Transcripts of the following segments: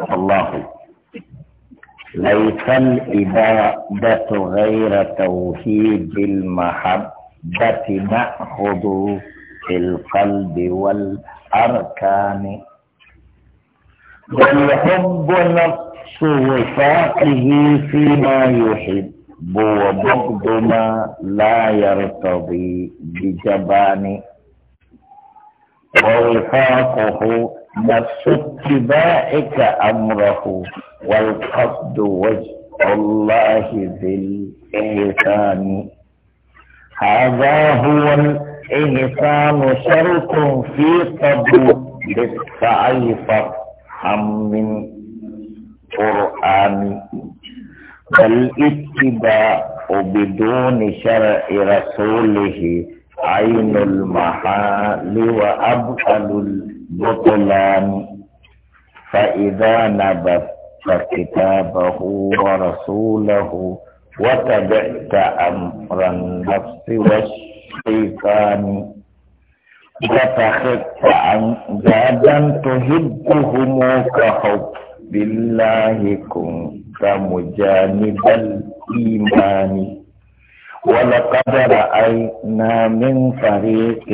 الله ليس الإبادة غير توحيد المحبة نأخذ في القلب والأركان والحب نفس وفاته فيما يحب وبغض ما لا يرتضي بجبان ووفاقه نفس اتباعك أمره والقصد وجه الله ذي الإحسان هذا هو الإحسان شرط في قبول التعيفر هم من قرآن فالاتباع بدون شرع رسوله عين المحال وأبطل بطلان فإذا نبذت كتابه ورسوله وتبعت أمر النفس والشيطان وتخف عن زادا تحبهم كحب بالله كنت مجانب الإيمان ولقد رأينا من فريق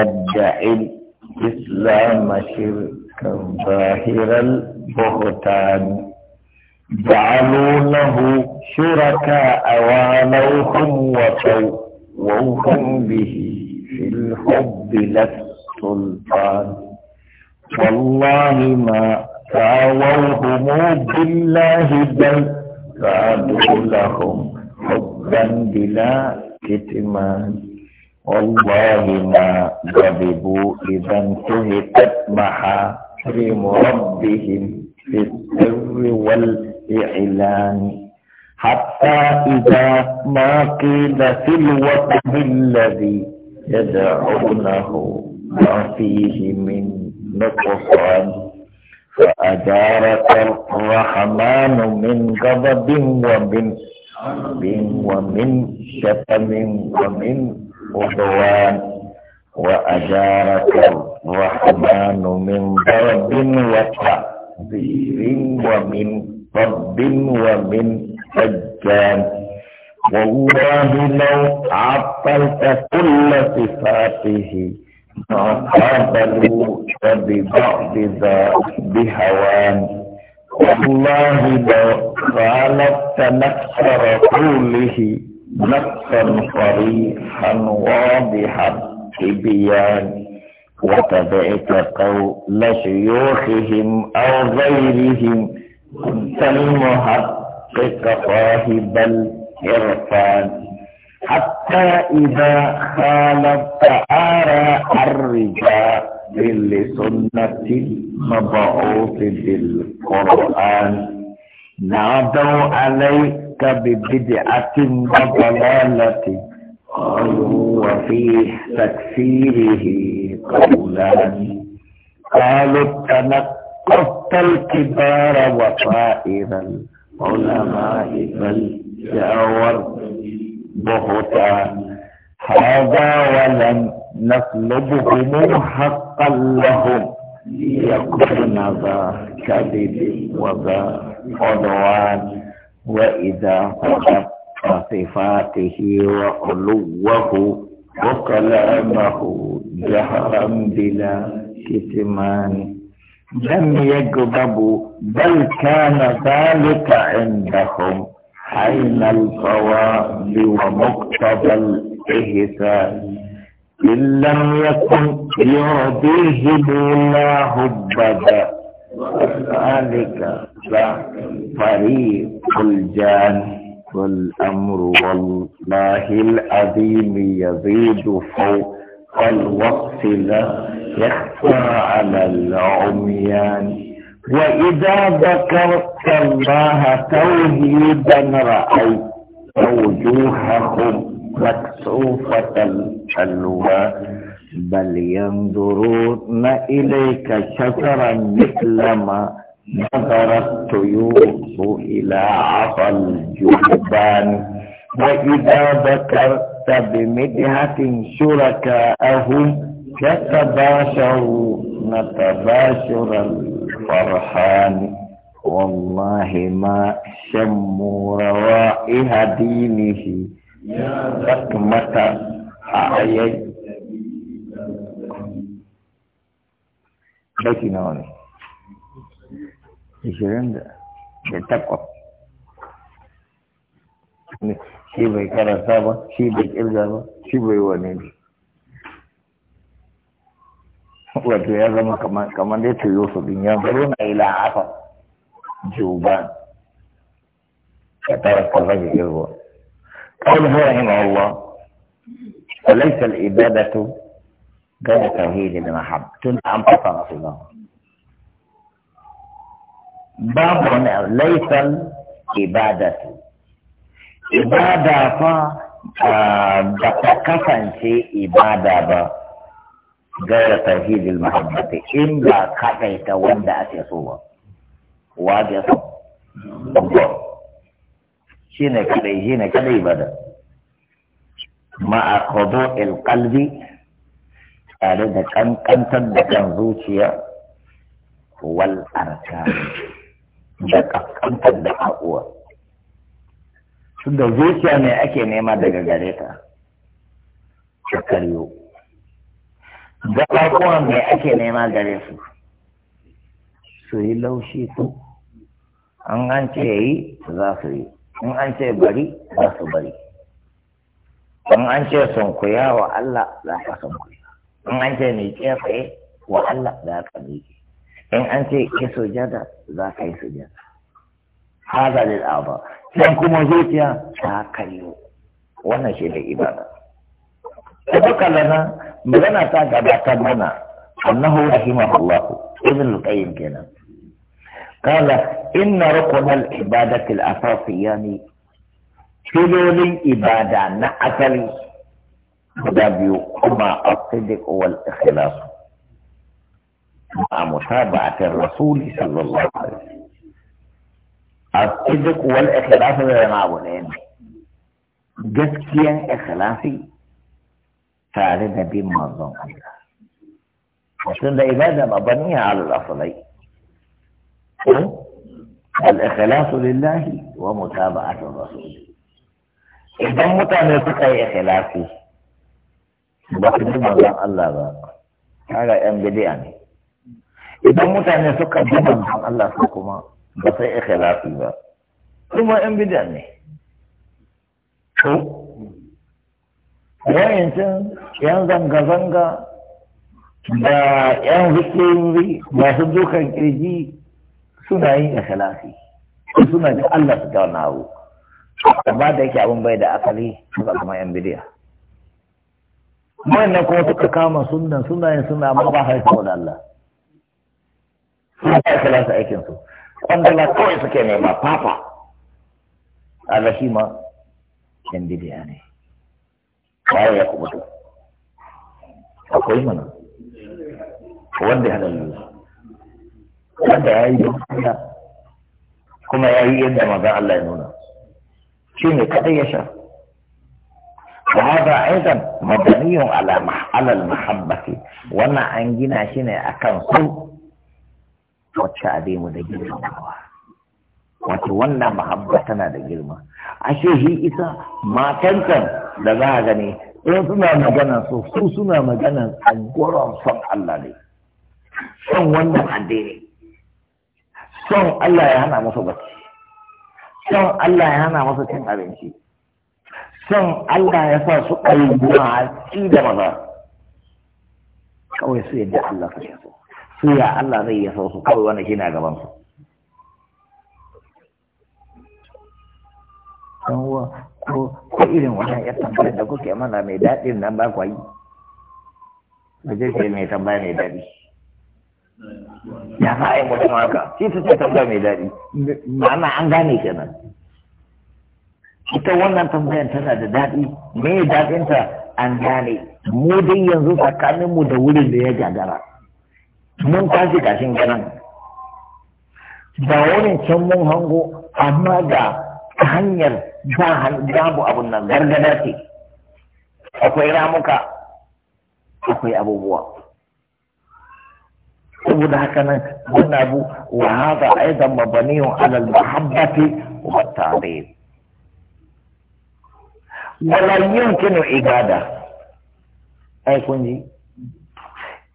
يدعي إسلام شرك ظاهر البهتان جعلونه شركاء والوهم وطوهم به في الحب لا السلطان والله ما تاووهم بالله بل زادوا لهم حبا بلا كتمان والله ما غضبوا إذا انتهكت محارم ربهم في السر والإعلان حتى إذا ما قيل في الوطن الذي يدعونه ما فيه من نقصان فأدارك الرحمن من غضب ومن ومن شتم ومن العدوان وأجارك الرحمن من ضرب وتعذير ومن طب ومن سجان والله لو عطلت كل صفاته ما قابلوك ببعض ذا بهوان والله لو خالفت نفس رسوله نقا صريحا واضحا بيان وتبعت قول شيوخهم أو غيرهم كنت المحقق صاحب الإرفان حتى إذا خالفت آراء الرجال لسنة المبعوث بالقرآن نادوا عليك ببدعة وضلالة قالوا وفي تكفيره قولان قالوا تنقضت الكبار وطائر العلماء بل جاورت بهتان هذا ولم نطلبهم حقا لهم ليكون ذا كذب وذا عدوان وإذا صدق صفاته وعلوه وكلامه جهرا بلا كتمان لم يجذب بل كان ذلك عندهم حين الفواب ومقتضى الإحسان إن لم يكن يرضيهم الله البدء وذلك فريق الجان والأمر والله العظيم يزيد فوق الوقت لا يخفى على العميان وإذا ذكرت الله توحيدا رأيت وجوههم مكسوفة الألوان بل ينظرون إليك شفرا مثلما نظرت طيوخ إلى عصا الجبان وإذا ذكرت بمدحة شركاءهم يتباشروا نتباشر الفرحان والله ما شموا روائح دينه ركمة أعيد ishirin da takwas shi bai karanta ba shi bai kirga ba shi bai wane ne wato ya zama kamar dai tuyo su bin yan zaro na ila afa juba ka tara ka rage irwa kawai zuwa hima Allah وليس العبادة غير توحيد المحبة تنت أنفسنا في الله باب ليس عبادة عبادة فا آه، بتكفى شيء عبادة با غير توحيد المحبة إن لا كفيت وندا أتيسوا واجس شين كلي شين كلي عبادة ما أخذوا القلب أردت أن أنتم والأركان da kaskantar da haƙuwa da zuciya ne ake nema daga gare ta ta karyo da haƙuwa ne ake nema gare su su yi laushi su an an ce ya yi za su yi in an ce bari za su bari in an ce kuya wa Allah za ka kuya. in an ce miƙe tsaye wa Allah za ka miƙe إن أنت كسجاده ذاك يسجد هذا للأعضاء سنكون موجود يا ذاك يو ونشي لإبادة تبقى لنا مغنى تاك أبعك مغنى أنه رحمه الله ابن القيم كان قال إن ركن العباده الأساسيان شلول الإبادة نعتلي هذا بيو أما الصدق والإخلاص مع متابعة الرسول صلى الله عليه وسلم الصدق والإخلاص اللي مع أبو الآن جسكيا إخلاصي فعلنا بما ظن الله عشان إبادة مبنية على الأصلين. الإخلاص لله ومتابعة الرسول إذا متابعتك أي إخلاصي بس بما ظن الله هذا ام بدي يعني idan mutane suka bi manzon Allah su kuma ba sai ikhlasi ba kuma yan bid'a ne to yayin yan zanga zanga da yan zikirin masu dukan kirji suna yin ikhlasi suna da Allah su ta nawo amma da yake abin bai da akali ga kuma yan bid'a wannan kuma suka kama sunan yin suna ma ba haifar da Allah sun ta ikilasa aikin su kwandala kawai suke nema papa alashi ma yan bidiya ne kawai ya kuma akwai mana wanda ya halallu wanda ya yi dokiya kuma ya yi yadda maza Allah ya nuna shi ne kadai ya sha وهذا أيضا مبني على محل المحبة وأنا أنجينا شنو أكن سوء wacce abe mu da girmamawa wato wannan mahabba tana da girma ashe shi isa matan kan da za a gani in suna magana so su suna magana tsagoron son Allah ne son wannan addini son Allah ya hana masa bacci son Allah ya hana masa cin abinci son Allah ya sa su ayi guwa a da maza kawai su yadda Allah kashe so su ya Allah zai yi sau su kawai wani shi na gaban su ko irin wannan ya tambayar da kuke mana mai daɗin nan ba kwayi ba zai ce mai tambaya mai daɗi ya sa yi mutum haka shi ta ce tambaya mai daɗi ma'ana an gane kenan ita wannan tambayan tana da daɗi me daɗinta an gane mu dai yanzu tsakaninmu da wurin da ya gagara mun tashi gashin kanan ba wani can mun hango amma ga hanyar babu abun nan gargada ce akwai ramuka akwai abubuwa saboda haka nan wannan abu wa hada aidan mabaniyun ala wa wala yankinu ibada ai kun ji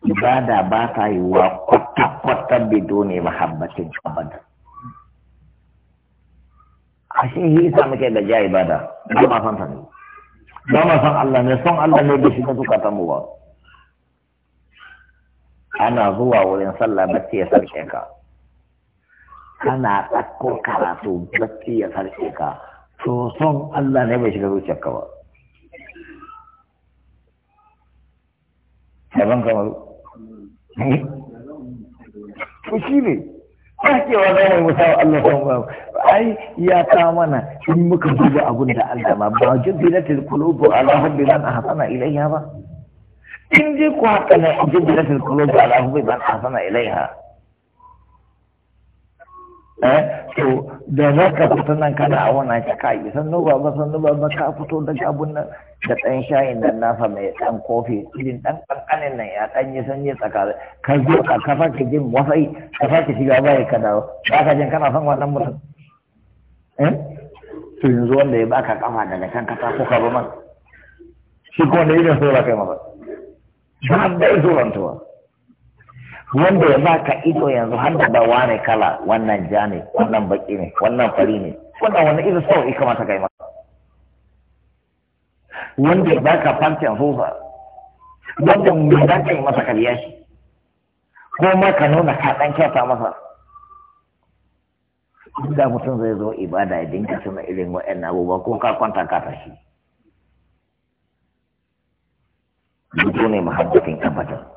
ibada ba ta yi wa kwata-kwata bido ne mahabbacin abada a shi yi sa muke da ja ibada ba ma san sani ba ma san Allah ne son Allah ne da shi ka suka tamu ba ana zuwa wurin sallah bacci ya sarke ka ana ɗakko karatu bacci ya sarke ka to son Allah ne bai shiga zuciyarka ba. Sabon kamaru. to shi ne Kaskewa za mu musa wa Allah san ba. Ai ya ta mana in muka duba abin da Allah ma ba jibbilatil qulubu ala hubbi man ahsana ilayha ba. In dai ku haka ne jibbilatil qulubu ala hubbi man ahsana ilayha. Eh? to da za ka fita nan kana a wannan ka kai sannu baba sannu baba ka fito da gabun nan da ɗan shayin nan nafa mai ɗan kofi irin ɗan ƙanƙanin nan ya ɗan yi sanyi tsakanin ka zo ka kafa ki jin wasai ka sake shiga baya ka dawo ba ka jin kana son wannan mutum eh? to yanzu wanda ya baka kafa daga kan kasa ko ka ba man shi ko ne irin so ba kai ma ba da iso rantuwa wanda ya baka ido yanzu har da wane kala wannan ja ne wannan baki ne wannan fari ne wannan wani irin sau'i kamata kai masa. wanda ya baka farcen sosa wanda mai za ka yi masa kariya shi ko ma ka nuna ka dan kyauta masa da mutum zai zo ibada ya dinka suna irin wa'yan abubuwa ko ka kwanta ka tashi. Duk ne mahabbatin abadan.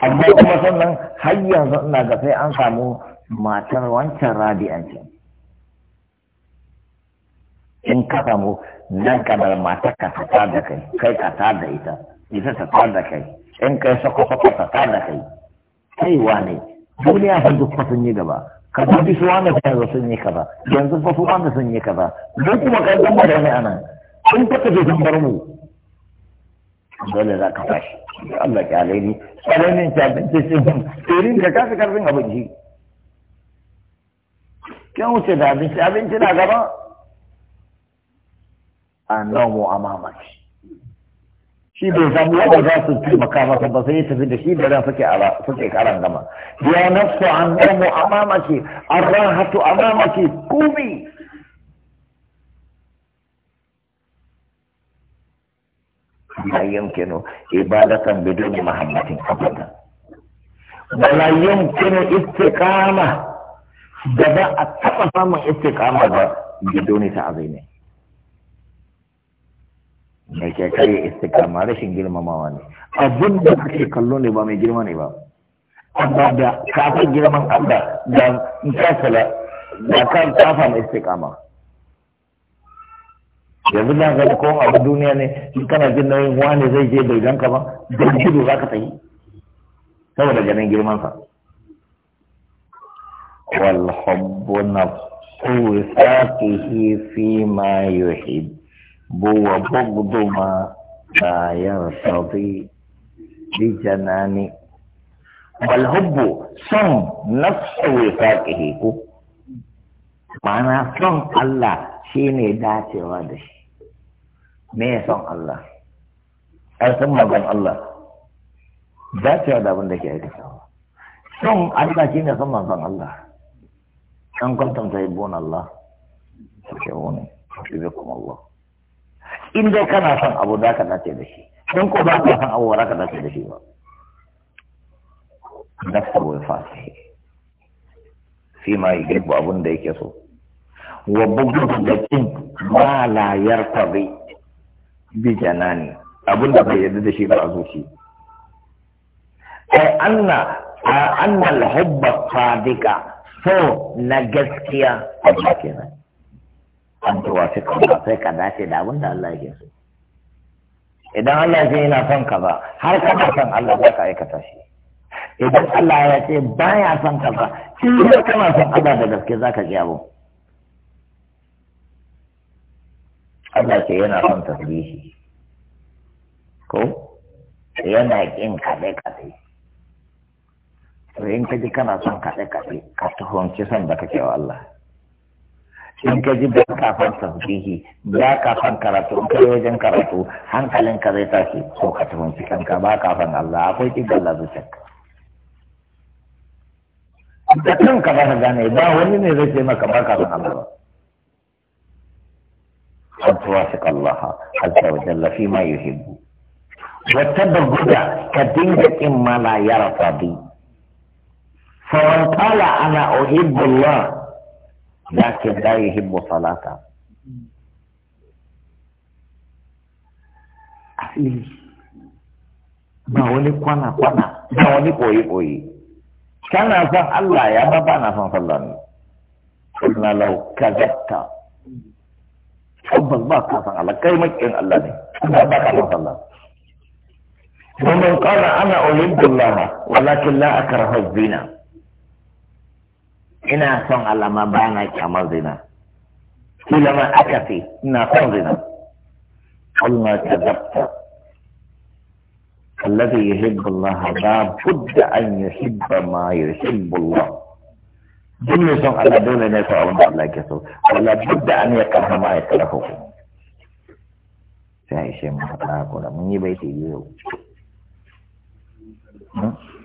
amma kuma sannan har yanzu ina ga sai an samu matar wancan rabi'an can in ka samu nan da matar ka ta da kai kai ka ta da ita ita ta ta da kai in kai sako sako ta ta da kai kai wane? duniya fa duk sun yi gaba ka bi su wane fa yanzu sun yi kaza yanzu fa su wani sun yi kaza don kuma kai ba da wani anan in ka tafi sun bar mu dole za ka fashi Allah kyale ni kyale ni ta shi sun turin ka kasa karfin abinci kin wuce da abinci abinci na gaba mu amamaki shi bai samu yadda za su taimaka masa ba sai ya tafi da shi da ran suke karan gama ya nafsu an amama amamaki an ran hatu amamaki kumi لا يمكن عبادة بدون محبة أبدا ولا يمكن استقامة دبا أتفهم استقامة بدون تعظيم me kai istiqama rashin girmamawa ne abin da kake kallo ne ba mai girma ne ba amma da kafa girman Allah da in da kan kafa mai istikama. yanzu da ga ko abu duniya ne in kana jin nauyin wani zai je bai ganka ba da gudu za ka tafi saboda ganin girman sa wal hubbu nafsu saqihi fi ma yuhib bu wa bughdu ma la yartadi bi janani wal hubbu son nafsu saqihi ku? ma'ana son Allah shine dacewa da shi me ya son Allah ai san magan Allah Za dacewa da abin da ke aikatawa son Allah shi ne san manzon Allah an kwantam ta yabon Allah su ke wani ibe kuma Allah in dai kana son abu da ka dace da shi don ko ba ka son abu ba ka dace da shi ba nafsa bai fasi fi ma yi gribu abin da yake so wa bugun da cin ma layar tabi bi janani da bai yarda da shi ba a zuci ai anna anna al-hubba sadiqa so na gaskiya Allah kenan an tuwa sai ka sai ka dace da da Allah ya so idan Allah ya ce yana son ka ba har kana son Allah za ka aikata shi idan Allah ya ce baya son ka ba shi kana son Allah da gaske za ka ji abu Allah ce yana son tasbihi ko yana kin kade kade to in ka ji kana son kade kade ka tuhumci san da kake wa Allah in ka ji baka son tasbihi ba ka son karatu in ka wajen karatu hankalin ka zai tashi ko ka tuhumci kanka ba ka son Allah akwai kin Allah zuciyarka da kanka ba ka gane ba wani ne zai ce maka ba ka son Allah ba أن توافق الله عز وجل فيما يحب وتبغض كدينك إما لا يرى بي فمن قال أنا أحب الله لكن لا يحب صلاة ما كان الله يا بابا أنا قلنا لو كذبت حبك باقى على كلمك ان الله دي الله ومن قال انا احب الله ولكن لا اكره الزنا انا صنع لما بانا كمال زنا كلما اكفي انا صنع كلما كذبت الذي يحب الله لا بد ان يحب ما يحب الله duk mai son Allah dole ne sai abin Allah ke so wala duk da an ya kama ma ya kalafa ku sai a ishe mu faɗa hakura mun yi ta biyu yau hmm?